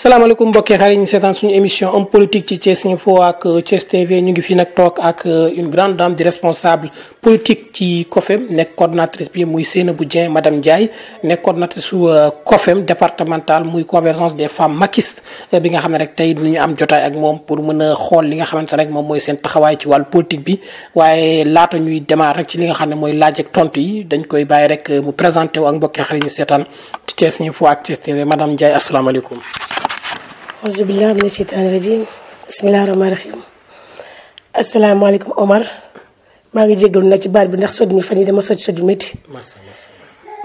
salaamaaleykum mbokki xarit ñu seetaan suñu émission homme politique ci Thiès Info ak euh, Thiès TV ñu ngi fi nag toog ak euh, une grande dame di responsable politique ci COFEM nekk coordinatrice bi muy Seynabou Dieng madame Ndiaye nekk coordinatrice su euh, COFEM départementale muy convergence des femmes makistes bi nga xam ne rek tey dinañu am jotaay ak moom pour mën a xool li nga xamante rek moom mooy seen taxawaay ci wàllu politique bi waaye laata ñuy démarrer rek ci li nga xam ne mooy laaj ak tontu yi dañ koy bàyyi rek mu présenté wu ak mbokki xarit ñu seetaan ci Thiès Info ak Thiès TV madame Ndiaye asalaamaaleykum. auzu billahi mina sheytaani rajim bismillahi rahmaani rahim asalaamaaleykum Omar maa ngi jégalu na ci baat bi ndax sot fan yi dama soj soj métti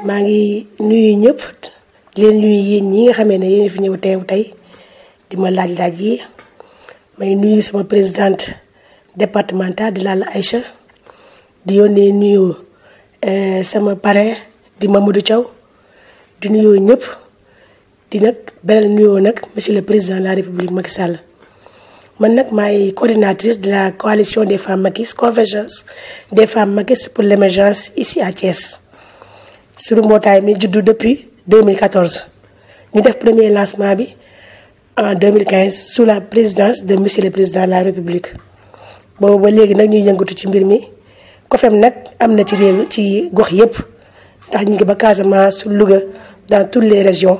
maa ngi nuyu ñëpp leen nuyu yéen ñi nga xamee ne yéen fi ñëw teew tey di ma laaj laaj yi may nuyu sama présidente départementale di Lalla Aïcha di yónnee nuyu eh, sama pare di Mamadou caw di nuyu ñëpp. monsieur le président de la république Macky Je suis coordinatrice de la coalition des femmes convergence des femmes pour l'émergence ici à Thiès. le mi depuis 2014 premier lancement en 2015 sous la présidence de monsieur le président de la république Je nous dans toutes les régions.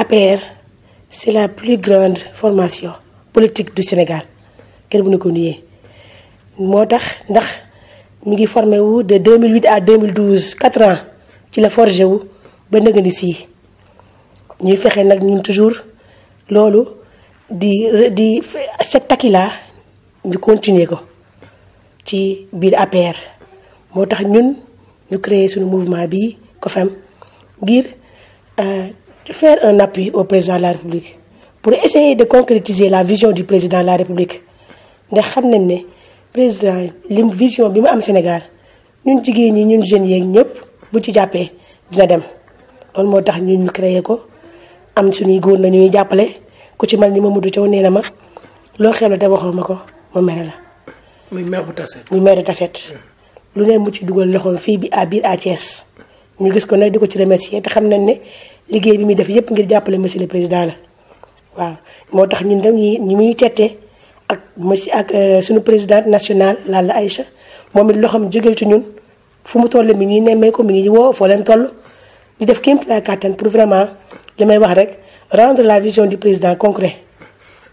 APR c'est la plus grande formation politique du Sénégal que vous ne nous Moi, formé de 2008 à 2012 4 ans nous la forgé wu ba Nous toujours Lolo, di di cet à nous continuer ko ci bir APR motax ñun mouvement bi faire un appui au président de la République pour essayer de concrétiser la vision du président de la République ndax xam président lim vision bi mu am Sénégal ñun jigéen ñi ñun jeunes yeeg ñëpp bu ci jàppee dina dem loolu moo tax ñun ñu créé ko am suñuy góor na ñuy jàppale ku ci mel ni Mamadou Thiaw nee na ma loo xew la te waxoo ma ko ma mere la. muy maire bu Tassette muy maire Tassette lu ne mu ci dugal loxoom fii bi à biir à Thiès ñu gis ko nag di ko ci remercier te xam nañ liggéey bi muy def yépp ngir jàppale monsieur le président la waaw moo tax ñun tam ñi ñu muy tettee ak monsieur ak euh, suñu national laal Lalla Aïcha moom it loxoom jógel ci ñun fu mu toll mi ñuy nemmee ko mi ngi woo foo leen toll di def kéem la kàttan pour vraiment li may wax rek rendre la vision du président concret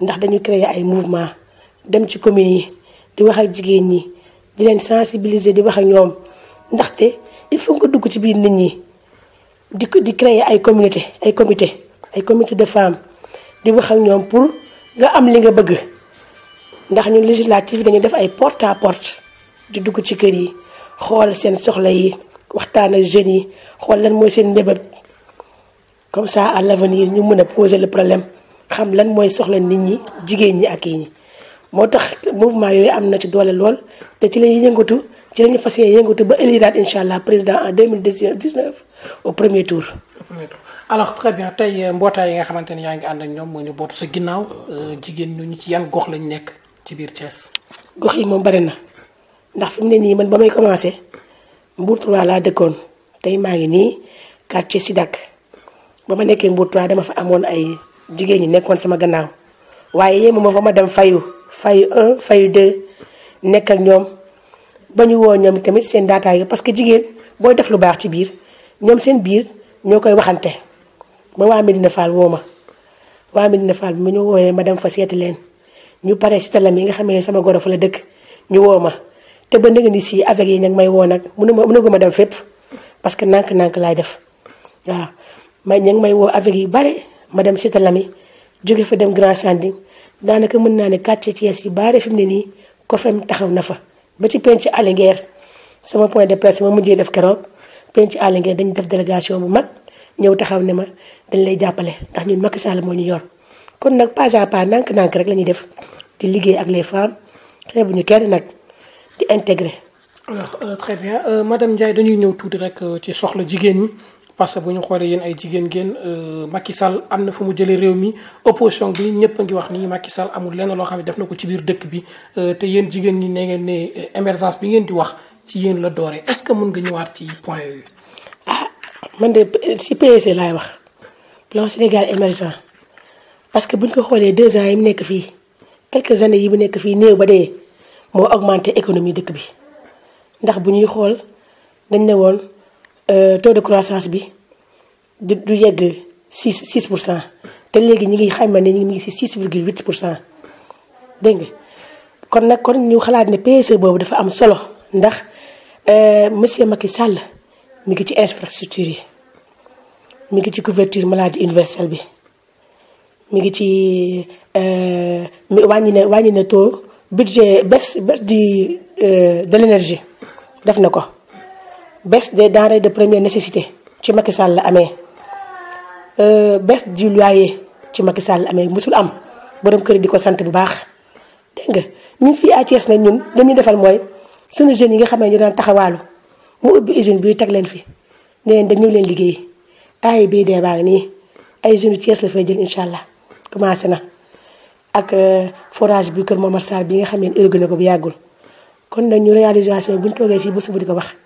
ndax dañu créer ay mouvement dem ci communes yi di wax ak jigéen ñi di leen sensibiliser di wax ak ñoom ndaxte il faut nga dugg ci biir nit ñi di di créer ay communauté ay comité ay comité de femmes di wax ak ñoom pour nga am li nga bëgg ndax ñun législative dañu def ay porte à porte di dugg ci kër yi xool seen soxla yi waxtaan ak jeunes yi xool lan mooy seen mbébét comme ça à l'avenir ñu mën a poser le problème xam lan mooy soxla nit ñi jigéen ñi ak yi ñi moo tax mouvement yooyu am na ci doole lool te ci lañuy yëngatu ci lañu fas yéene yëngatu ba éliraat incha allah président en 2019 au premier tour alors très bien tey euh, mbootaay yi nga xamante ni yaa ngi ànd ak ñoom moo ñu bootu sa ginnaaw euh, jigéen ñu ñu ci yan gox lañ nekk ci biir Thiès gox yi moom bari na ndax fi mu ne nii man ba may commencé Mbour 3 laa dëkkoon tey maa ngi nii quartier Sidak ba ma nekkee Mbour 3 dama fa amoon ay jigéen ñi nekkoon sama gannaaw waaye yéemu ma fa ma dem fayu fayu un fayu de nekk ak ñoom ba ñu woo ñoom tamit seen daataay parce que jigéen booy def lu baax ci biir ñoom seen biir ñoo koy waxante ba waa Medina Fall woo ma waa Medina Fall bi ma ñu wooyee ma dem fa seeti leen ñu pare si talam yi nga xamee sama goro fa la dëkk ñu woo ma te ba nga ni si avec yi ñu may woo nag mënuma mënaguma dem fépp parce que nànk-nànk laay def waa may ñu ngi may woo avec yu bare ma dem fa dem Grand Sanding daanaka mën naa ne ci Thiès yu baare fi mu taxaw na fa. ba point de presse ma mujjee def keroog penc Alinguer dañ def délégation bu mag taxaw ma dañ lay ndax ñun Macky Sall ñu yor kon pas à pas nank rek def di ak les femmes ñu kenn nag di intégrer. alors euh, très bien euh, madame Ndiaye dañuy ñëw tuuti rek euh, ci soxla parce que bu ñu xoolee yéen ay jigéen ngeen euh, Macky sal am na fu mu jëlee réew mi opposition bi ñëpp a ngi wax ni Macky Sall amul lenn loo xam ne def na ko ci biir dëkk bi euh, te yéen jigéen ñi ne ngeen ne euh, émergence bi ngeen di wax ci yéen la dooree est-ce que mun nga ñëwaat ci point yooyu. ah man de si PSE laay wax plan Sénégal émergent parce que bu ñu ko xoolee deux ans yi mu nekk fii quelques années yi mu nekk fii néew ba dee moo augmenté économie dëkk bi ndax bu ñuy xool dañ ne woon. Euh, taux de croissance bi du du yegg 6 6% pour cent te léegi ñu ngi xayma ne ñu ngi si six virgule kon nak kon ñu xalaat ne PC e bobu dafa am solo ndax euh monsieur Macky Sall mi ngi ci infrastructure yi mi ngi ci couverture maladie universelle bi mi ngi ci euh wañi na wañi na taux budget baisse baisse du euh, de l'énergie def na ko. baisse de denrées de première nécessité ci Macky Sall la amee euh, baisse du loyer ci Macky Sall amee musul am borom kër di ko sant bu baax dégg nga ñun fii à Thiès nag ñun li ñu defal mooy suñu jeunes yi nga xam ne ñu daan taxawaalu mu ubbi usine bi teg leen fi ne leen dem leen liggéey ay bii dee baa ngi nii ay jeunes Thiès la fay jël incha allah commencé na ak euh, forage bi kër Momar Sarr bi nga xam ne urgé ko bu yàggul kon nag ñu réalisation bi ñu toogee fii ba suba di ko wax.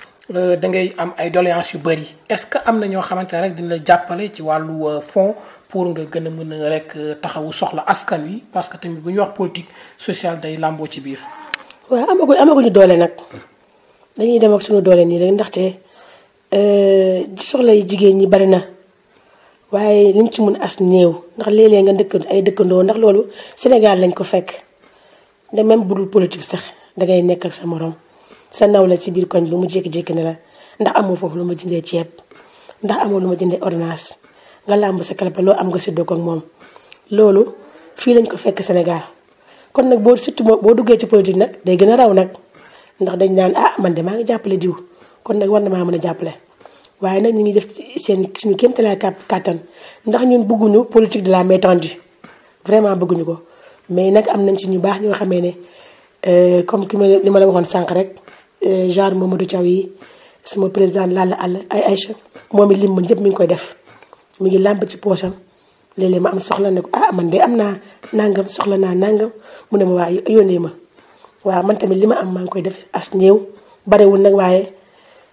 Euh, da ngay am ay doléances yu bëri est-ce que am na ñoo xamante ne rek dina la jàppale ci wàllu euh, fonds pour nga gën a mën a rek euh, taxawu soxla askan wi parce que tamit bu ñu wax politique sociale day làmboo ci biir. waaw amaguñ amaguñu doole nag dañuy dem ak suñu doole nii rek ndaxte soxla yi jigéen ñi bari na waaye liñ ci mun as néew ndax léeg-léeg nga dëkk ay dëkkandoo ndax loolu Sénégal lañ ko fekk de même budul politique sax dangay nekk ak sa morom. sa naw la si biir koñ bi mu jékki-jékki ne la ndax amoo foofu lu ma jëndee ceeb ndax amoo lu ma jëndee ordonnance nga làmb sa kalpe loo am nga séddoo ko moom. loolu fii lañ ko fekk Sénégal kon nag boo surtout boo duggee ci politique nag day gën a raw nag ndax naan ah man de maa ngi jàppale diw kon nag war na maa mën a jàppale. waaye nag ñu ngi def seen suñu kéemtalaay kàttan ndax ñun bëgguñu politique de la main vraiment bëgguñu ko mais nag am nañ ci ñu baax ñoo xamee ne euh, comme ki ma li ma la waxoon sànq rek. Euh, genre Mamadou Thiaw yi sama président Lalla Alla ay Aïcha moom it lim mën yëpp mi ngi koy def mi ngi làmb ci poosam léeg ma am soxla ne ko ah man de am naa nangam soxla naa nangam mu ne ma waa yónnee ma waaw man tamit li ma am maa ngi koy def as néew barewul nag waaye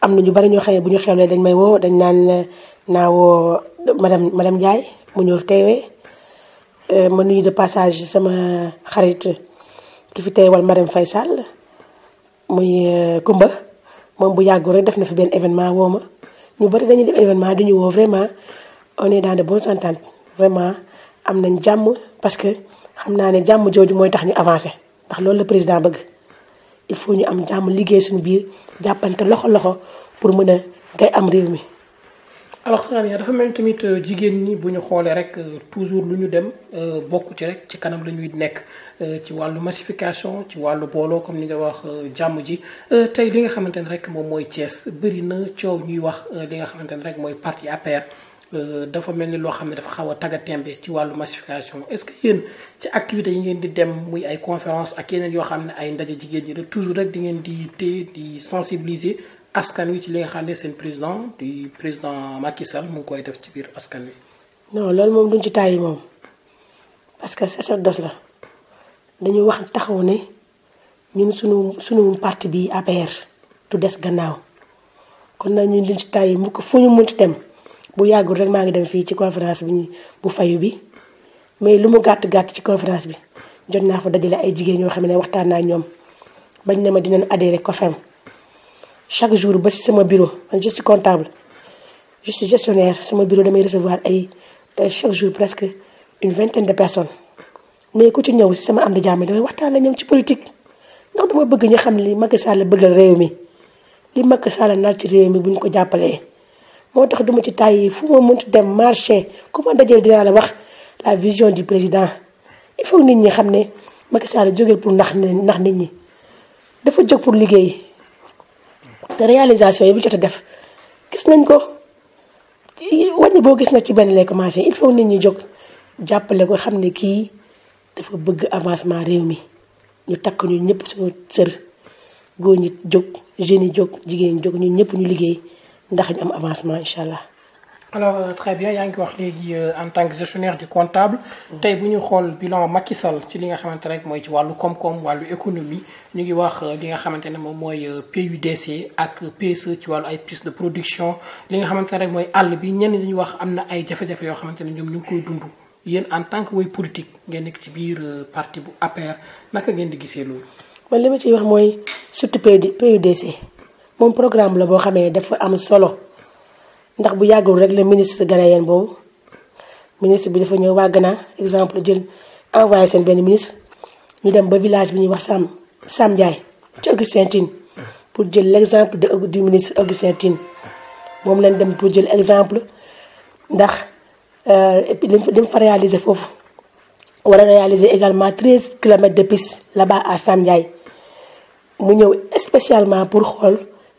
am na ñu bari ñoo xam bu ñu xewlee dañ may euh, Ndiaye mu euh, de passage sama xarit Faisal muy Kumba euh, bu événement ñu bari vraiment on est dans de bonnes ententes vraiment am nañ parce que xam naa ne jàmm jooju tax ñu avancer ndax loolu le président bëgg. il faut ñu am jàmm liggéey suñu biir jàppante loxo loxo pour mën a ngay am réew mi. alors Samia dafa mel tamit euh, jigéen ñi bu ñu xoolee rek euh, toujours lu ñu dem euh, bokk ci rek ci kanam la ñuy nekk ci wàllu massification ci wàllu booloo comme li nga wax jàmm ji tey li nga xamante ne rek moom mooy Thiès bëri na coow ñuy wax li nga xamante ne rek mooy parti APR. Euh, dafa mel ni loo xam ne dafa xawa a tembe ci walu massification est-ce que yéen ci activité yi ngeen di dem muy ay conférence ak yeneen yo xam ay ndaje jigéen ñi rek toujours rek di ngeen di té di sensibiliser askan wi ci li nga xam ne président di président Macky Sall mu koy def ci biir askan wi. non lool mom duñ ci tayi mom parce que c'est ça dos la dañu wax taxaw ne ñun suñu sunu parti bi APR du dess gannaaw kon nag ñun duñ ci tayi mu ko fuñu ñu mënti dem. bu yàggul rek maa ngi dem fii ci conférence bi bu fayu bi mais lu mu gàtt gàtt ci conférence bi jot naa fa dajale ay jigéen ñoo xam ne waxtaan naa ñoom bañ ne ma dinañ adhéré COFEM chaque jour ba si sama bureau man je suis comptable je suis gestionnaire sama bureau damay recevoir ay euh, chaque jour presque une vingtaine de personnes mais ku ci ñëw si sama am di jàmm damay waxtaan ak ñoom ci politique ndax dama bëgg ñu xam li mag Sall bëggal réew mi li Macky Sall naal ci réew mi bu ñu ko jàppalee. moo tax du ma ci tàyyi fu ma mënti dem marché ku ma dajeel dinaa la wax la vision du président il faut nit ñi xam ne Macky Sall jógeel pour nax ndax nit ñi dafa jóg pour liggéey te réalisation yi bu jot a def gis nañ ko wàññi boo gis na ci benn lay commencé il faut nit ñi jóg jàppale ko xam ne kii dafa bëgg avancement réew mi ñu takk ñu ñëpp suñu sër góor ñi jóg jeunes yi jóg jigéen ñi jóg ñun ñëpp ñu liggéey ndax ñu am avancement incha allah. alors euh, très bien yaa ngi wax léegi euh, en tant que gestionnaire du comptable. Mm. tey bu ñu xool bilan Macky ci li nga xamante rek mooy ci wàllu koom-koom wàllu économie ñu ngi wax euh, li nga xamante ne moom mooy PUDC ak PSE ci wàllu ay piste de production li nga xamante rek mooy àll bi ñenn dañu wax am na ay jafe-jafe yoo xamante ne ñoom ñu ngi koy dund yéen en tant que way politique ngeen nekk ci biir parti bu APR naka ngeen di gisee loolu. man li ma ciy wax mooy surtout PUDC. Mon programme la am solo le ministre ministre bi dafa ñëw exemple jël envoyé ministre ministre ñu dem village bi Sam Sam pour jël l'exemple du ministre Augustin lañ dem pour jël exemple ndax euh, réaliser réaliser également 13 km de piste là-bas à Sam jaay mu ñëw spécialement pour xol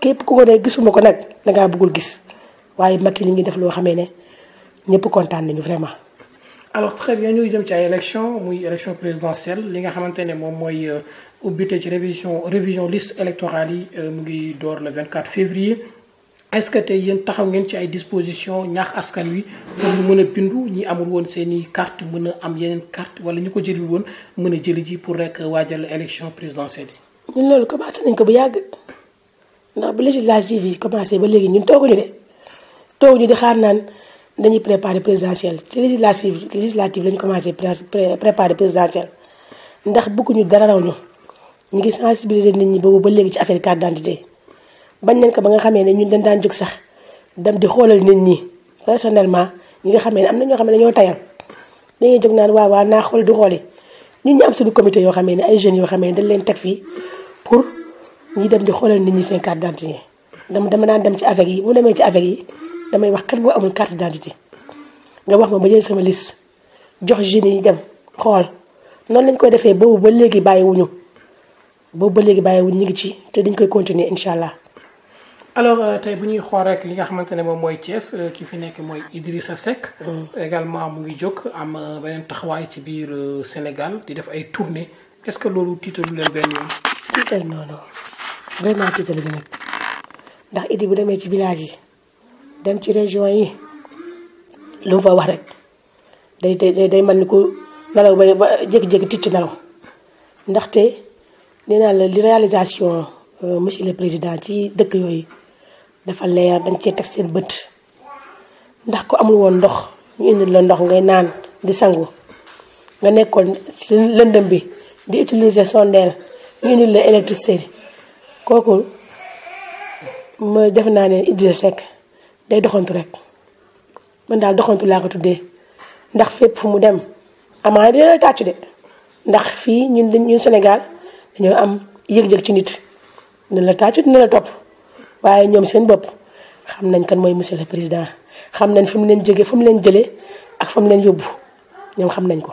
képp ku ko ne gisuma ko nag dangaa bëggul gis waaye Macky ñu ngi def loo xamee ne ñëpp kontaan nañu vraiment. alors très bien ñu jëm ci ay élection muy élection présidentielle li nga xamante ne moom mooy euh, ubbite ci révision révision liste électorale yi euh, mu ngi door le 24 février. est-ce que tey yéen taxaw ngeen ci ay dispositions ñaax askan wi pour ñu mën a bindu ñi amul woon seeni carte mën a am yeneen carte wala ñu ko jëli woon mën a jëli ji pour rek waajal élection présidentielle yi. ñun loolu commencé nañ ko bu yàgg ndax bu législative yi commencé ba léegi ñun toogu tooguñu de tooguñu di xaar naan dañuy préparer présidentiel ci législative législative lañu commencé préparer présidentiel ndax bëgguñu dara raw ñu ñu ngi sensibiliser nit ñi boobu ba léegi ci affaire carte d'identité bañ leen ko ba nga xamee ne ñun dañ daan jóg sax dem di xoolal nit ñi personnellement ñi nga xamee ne am na ñoo xam ne dañoo tayal dañuy jóg naan waaw waaw naa xool di xooli ñun ñu am suñu comité yoo xamee ne ay jeunes yoo xamee ne dañ leen teg fii pour ñuy dem di xoolal nit ñi seen carte d'identité dama dama naan dem ci avec yi mu demee ci avec yi damay wax kat boo amul carte d'identité nga wax ma ba jël sama liste jox jeunes yi dem xool noonu lañ koy defee boobu ba léegi bàyyiwuñu boobu ba léegi bàyyiwuñu ñu ngi ci te dañ koy continuer incha allah. alors euh, tey bu ñuy xool rek li nga xamante ne moom mooy Thiès euh, ki fi nekk mooy Idrissa Seck. Mm. également mu ngi jóg am euh, beneen taxawaay ci biir Sénégal di def ay tournées est-ce que loolu tiitalu leen benn yoon. tiital non vraiment tiitalu bi nag ndax idi bu demee ci village yi dem ci région yi lu mu fa wax rek day day day mel ni ku nelaw ba ba jékki-jékki ticc nelaw ndaxte nee naa la li réalisation euh, monsieur le président ci dëkk yooyu dafa leer dañ cee teg seen bët ndax ko amul woon ndox ñu indi la ndox ngay naan di sangu nga nekkoon si lëndëm bi di utiliser sondeel ñu indil la électricité kooku ma def naa ne Idrissa Seck day doxantu rek mën daal doxantu laa ko tuddee ndax fépp fu mu dem amaana dina la tàccu de ndax fii ñun ñun Sénégal dañoo am yëg-yëg ci nit dina la tàccu dina la topp waaye ñoom seen bopp xam nañ kan mooy monsieur le président xam nañ fi mu leen jógee fa mu leen jëlee ak fa mu leen yóbbu ñoom xam nañ ko.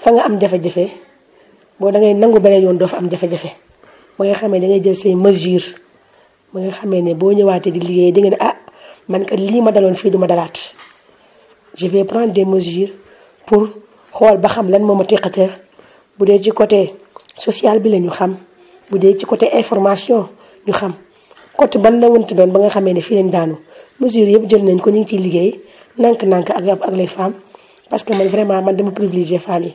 fa nga am jafe-jafe bo da ngay nangou beneen yoon do fa am jafe-jafe ba nga xamé da ngay jël say mesures ba nga xamé né bo ñëwaaté di liggéey di nga ah man kat li ma daloon fi du ma dalaat je vais prendre des mesures pour xol ba xam lan moma ma teqateer bu ci côté social bi lañu xam budé ci côté information ñu xam côté ban la mënti doon ba nga xamé ne fii lañ daanu mesures yëpp jël nañ ko ñing ci ciy liggéey nank-nank ak ak les femmes parce que man vraiment man dama privilégier femme yi.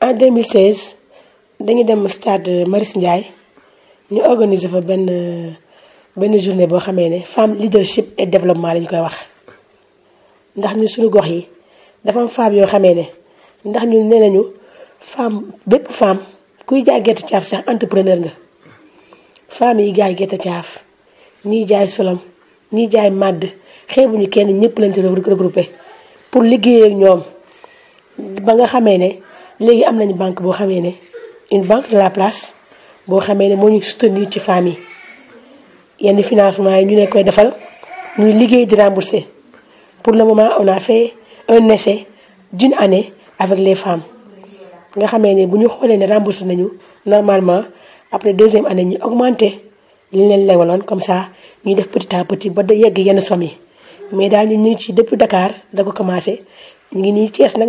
en 2016 dañu dem stade Marius Ndiaye ñu organiser fa benn benn journée boo xamee ne femme leadership et développement lañu koy wax ndax ñu suñu gox yi dafa am yoo xamee ne ndax ñu ne nañu femme bépp femme kuy jaay gerte caaf sax entrepreneur nga femme yi jaay gerte caaf ñuy jaay solom ñii jaay màdd xeebuñu kenn ñëpp lañ ci regroupé pour liggéey ak ñoom ba nga xamee ne. léegi am nañu banque boo xamee une banque de la place bo xamé né mo ñu soutenir ci femmes yenn financement ñu ne koy défal ñu liggéey di rembourser pour le moment on a fait un essai d'une année avec les femmes nga xamé né bu ñu xolé né rembourser nañu normalement après deuxième année ñu augmenter li leen walon comme ça ñuy def petit à petit ba yegg yenn somme mais daal ñu ci depuis Dakar da ko commencer ñi ngi nii Thiès nag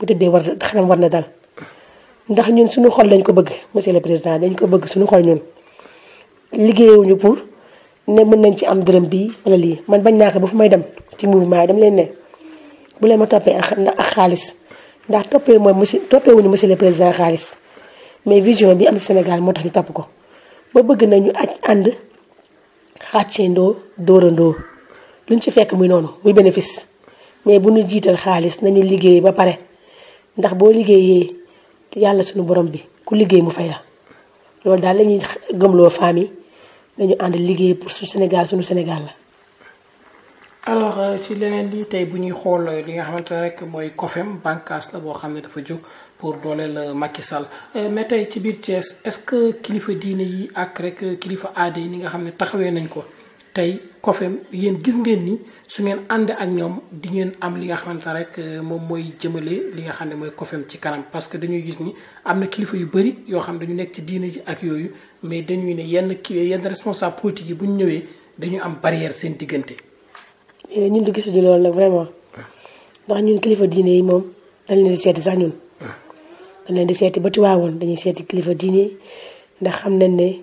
bu tëddee war xelam war na dal ndax ñun suñu xol lañ ko bëgg monsieur le président dañ ko bëgg suñu xol ñun liggéeyuñu pour ne mën nañ ci am dërëm bii wala lii man bañ naa ko ba fu may dem ci mouvement yi dama leen ne bu leen ma toppee ak xaalis ndax toppee mooy monsieur toppee wuñu si le président xaalis mais vision bi am Sénégal moo tax ñu topp ko ba bëgg nañu aj ànd xàccendoo dóorandoo luñ ci fekk muy noonu muy bénéfice mais bu ñu jiital xaalis nañu liggéey ba pare ndax boo liggéeyee yàlla suñu borom bi ku liggéey mu fay la loolu daal la ñuy gëmloo femmes nañu ànd liggéey pour su Sénégal suñu Sénégal la. alors euh, ci leneen li tey bu ñuy xool li nga xamante ne rek mooy COFEM bànqaas la boo xam ne dafa jóg pour dooleel euh, Macky Sall euh, mais tey ci biir Thiès est-ce que kilifa diine yi ak rek kilifa aada yi nga xam ne taxawee nañ ko tey. COFEM yeen gis ngeen ni su ngeen ak ñoom di ngeen am li nga xamante rek moom parce que dañuy gis ni am kilifa yu bëri yoo xam dañu nekk ci ak mais dañuy ne yenn ki yenn responsable politique bu ñu ñëwee dañu am barrière seen diggante. Eh, loolu vraiment ndax ñun kilifa diine yi dañ leen di seeti sax ñun. dañ leen di seeti ba dañuy seeti kilifa diine ndax ne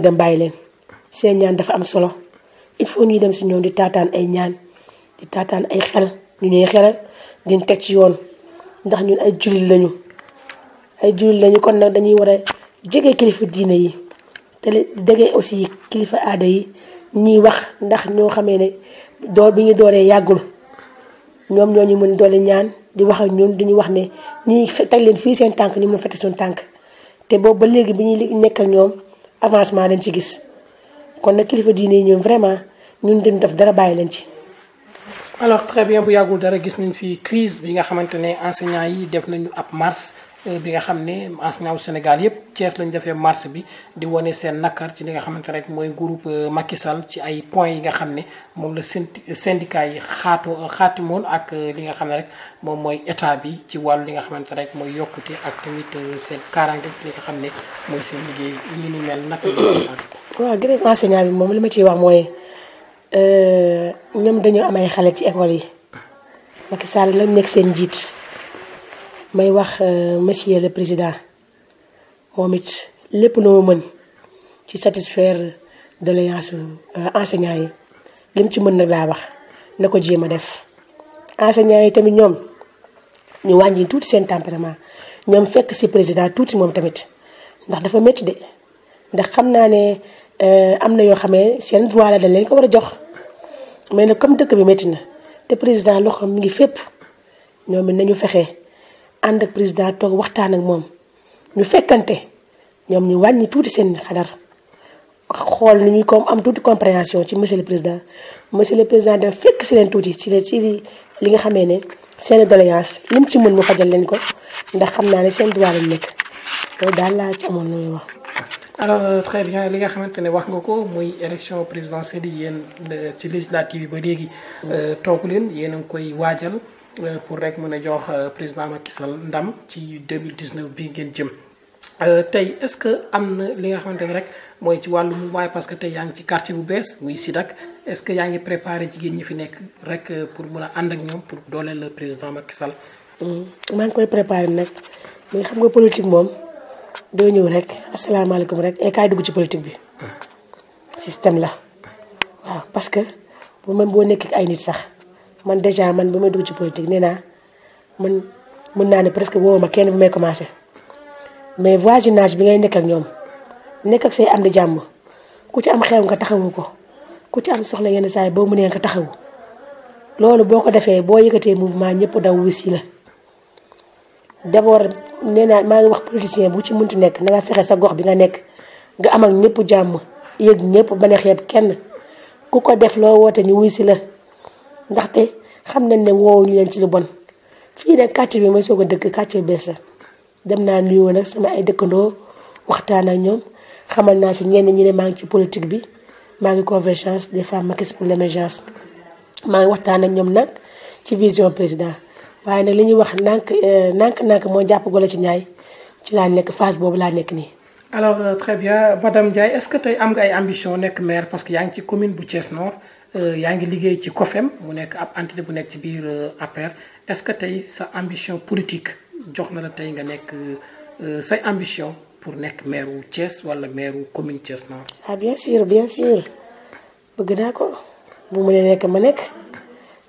dem bàyyi seen ñaan dafa am solo. il faut ñuy dem si ñoom di taataan ay ñaan di taataan ay xel ñu ñuy xelal diñ teg ci yoon ndax ñun ay jullit lañu ay jullit lañu kon nag dañuy war a jege kilifa diine yi te jege aussi kilifa aada yi ñuy wax ndax ñoo xamee ne door bi ñu dooree yàggul ñoom ñoo ñu mën doole ñaan di wax ak ñun duñu wax ne ñuy teg leen fii seen tànk ñu mën a fete suñu tànk te boobu ba léegi bi ñuy nekk ñoom avancement dañ ci gis. kon nag kilifa diine yi ñoom vraiment ñun dem def dara bàyyi leen ci. alors très bu yàggul dara gis nañ fi crise bi nga xamante ne enseignants yi def nañu ab marche. Euh, bi nga xam ne enseignant wu Sénégal yëpp cees lañ defee marche bi di wane seen nakar ci li nga xamante rek mooy groupe euh, Macky Sall ci ay points yi nga xam ne moom la euh, syndicat yi xaatu xaatimoon ak li nga xam ne rek moom mooy état bi ci wàllu li nga xamante rek mooy yokkute ak seen kaaraange ci li nga xam ne mooy seen liggéey ñu ni mel naka bi moom li ma ciy wax mooy ñoom dañoo am ay xale ci école yi Macky Sall la nekk seen njiit may wax euh, monsieur le président moom it lépp loo mën ci satisfaire doléance euh, enseignant yi mu ci mën nag laa wax na ko jéem a def. enseignant yi tamit ñoom ñu wàññi tuuti seen tempérament ñoom fekk si président tuuti moom tamit ndax dafa métti de ndax xam naa ne euh, am na yoo xamee seen droit la dañ leen ko war a jox mais ne comme dëkk bi métti na te président loxoom mi ngi fépp ñoom it nañu fexe. ànd ak président toog waxtaan ak moom ñu fekkante ñoom ñu wàññi tuuti seen xadar xool ni ñuy comme am tuuti compréhension ci monsieur le président monsieur le président def fekk si leen tuuti ci ci li nga xamee ne seen doléance li mu ci mën mu fajal leen ko ndax xam naa ne seen droit lañ nekk loolu daal laa ci amoon lu muy wax. alors euh, très bien li nga xamante ne wax nga ko muy élection présidentielle yéen euh, ci législative yi ba léegi. Euh, toogu leen yéen a ngi koy waajal. Euh, pour rek mën a jox euh, président a Sall ndam ci 2019 bii ngeen jëm euh, tey est-ce que am na li nga xamante ne rek mooy ci wàllu mouvement parce que tey yaa ngi ci quartier bu bees muy SIDAC est-ce que yaa ngi préparé jigéen ñi fi nekk rek pour mën a ànd ak ñoom pour dooleel le président Macky Sall. Hmm, maa ngi koy préparé nag mais xam nga politique moom doo ñëw rek asalaamaaleykum rek et kaay dugg ci politique bi ah. système la waaw parce que bu même boo nekk ay nit sax. man dèjà man bi may dugg ci politique nee naa man mën naa ne presque woo ma kenn bi may commencé mais voisinage bi ngay nekk ak ñoom nekk ak say am di jàmm ku ci am xew nga taxawu ko ku ci am soxla yenn saa yi boo mënee nga taxawu loolu boo ko defee boo yëkkatee mouvement ñëpp daw wis yi la d'abord nee naa maa ngi wax politicien bu ci muntu nekk nanga nga fexe sa gox bi nga nekk nga am ak ñëpp jàmm yëg ñëpp ba ne kenn ku ko def loo woote ñu wuy si la. ndaxte xam nañ ne woowuñu leen ci lu bon fii nag quartier bi ma soog a dëkk quartier bees la dem naa nuyoo nag sama ay dëkkandoo waxtaan ak ñoom xamal naa si ñenn ñi ne maa ngi ci politique bi maa ngi convergence des femmes Macky pour l'émergence maa ngi waxtaan ak ñoom nag ci vision président waaye nag li ñuy wax nànk euh, nànk nànk moo jàpp la ci ñaay ci laa nekk phase boobu laa nekk nii. alors euh, très bien madame Ndiaye est-ce que tey am nga ay ambition nekk maire Euh, yaa ngi liggéey ci COFEM mu nekk ab entité bu nekk ci biir euh, APR est-ce que tey sa ambition politique jox na la tey nga nekk euh, say ambition pour nekk maire wu Thiès wala maire wu commune Thiès ah bien sûr bien sûr bëgg naa ko bu mu ne nekk ma nekk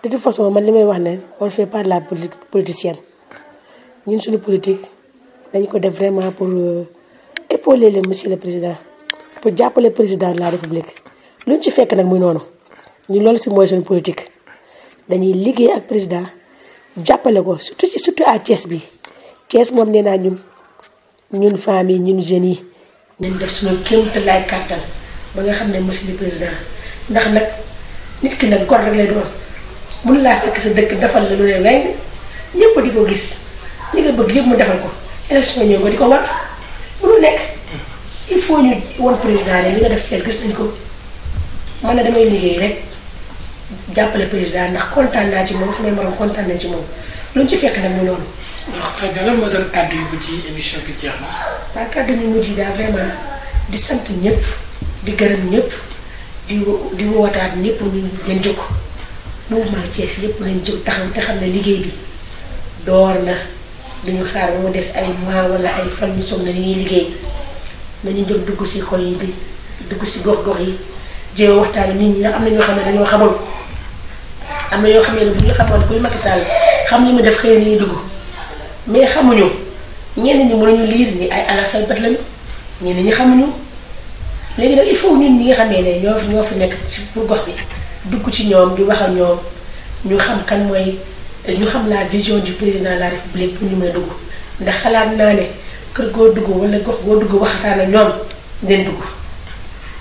de toute façon man li may wax ne on ne fait pas de la politicienne ñun sommes politique dañ ko def vraiment pour épauler le monsieur le président pour le président de la république luñ ci fekk nag muy noonu. ñu loolu si mooy seen dañuy liggéey ak président jàppale ko surtout ci surtout à Thiès bi Thiès moom nee naa ñun ñun femmes yi ñun jeunes yi. nañ def suñu kéemtalaay kàttan ba nga xam ne monsieur le président ndax nag nit ki nag gor rek lay doon mënu laa fekk sa dëkk defal la lu ne reng ñëpp di ko gis li nga bëgg yëpp mu defal ko élection ñëw nga di ko war mënu nekk il faut ñu won président rek li nga def Thiès gis nañ ko man na damay liggéey rek. jàppale président ndax kontaan naa ci moom samay morom kontaan nañ ci moom lu ñu ci fekk nag mu noonu. waaw kàddu yu mujj yi émission bi jeex na. waaw daal vraiment di sant ñëpp di gërëm ñëpp di di wootaat ñëpp ñu leen jóg mouvement xam ne liggéey bi door na xaar ba mu des fan ñu soog na li liggéey nañu jóg dugg si xol yi bi dugg si gox-gox yi jéem waxtaan nit ñi nga am na ñoo xam ne dañoo xamul. am na yoo xam ne bu ñu xamoon kuy Macky Sall xam li mu def xëy na ñuy dugg mais xamuñu ñenn ñi mënuñu liir ni ay alafay bët lañu ñenn ñi xamuñu léegi nag il faut ñun ñi nga xamee ne ñoo ñoo nekk ci pour gox bi dugg ci ñoom di wax ak ñu xam kan mooy ñu xam la vision du président de la république pour ñu may dugg ndax xalaat naa ne kër goo dugg wala gox goo dugg waxtaan ak ñoom ngeen dugg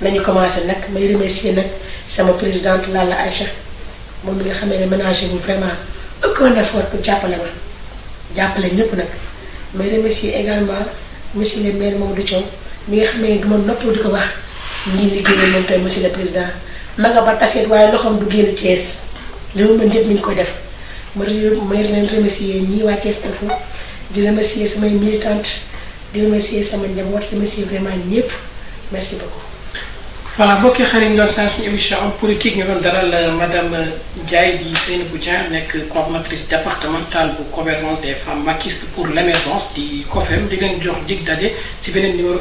nañu commencé nag may remercier nag sama présidente Lalla Aïcha moom bi nga xamee ne ménagé bu vraiment aucun effort pour jàppale ma jàppale ñëpp nag mais remercier également monsieur le maire Maodo Thiaw mi nga xamee ne du ma noppal di ko wax ñii liggéeyal moom tey monsieur le président ma nga ba taseet waaye loxoom du génn Thiès li mu mën lépp mi ngi koy def ma may leen remercier ñii waa Thiès Info di remercier samay militante di remercier sama njaboot remercier vraiment ñëpp merci beaucoup. voilà mbokki xarit ñu émission en politique nous euh, madame euh, Ndiaye di Seine coordonnatrice départementale bu gouvernement des femmes maquistes pour l'émergence di COFEM di jox dig numéro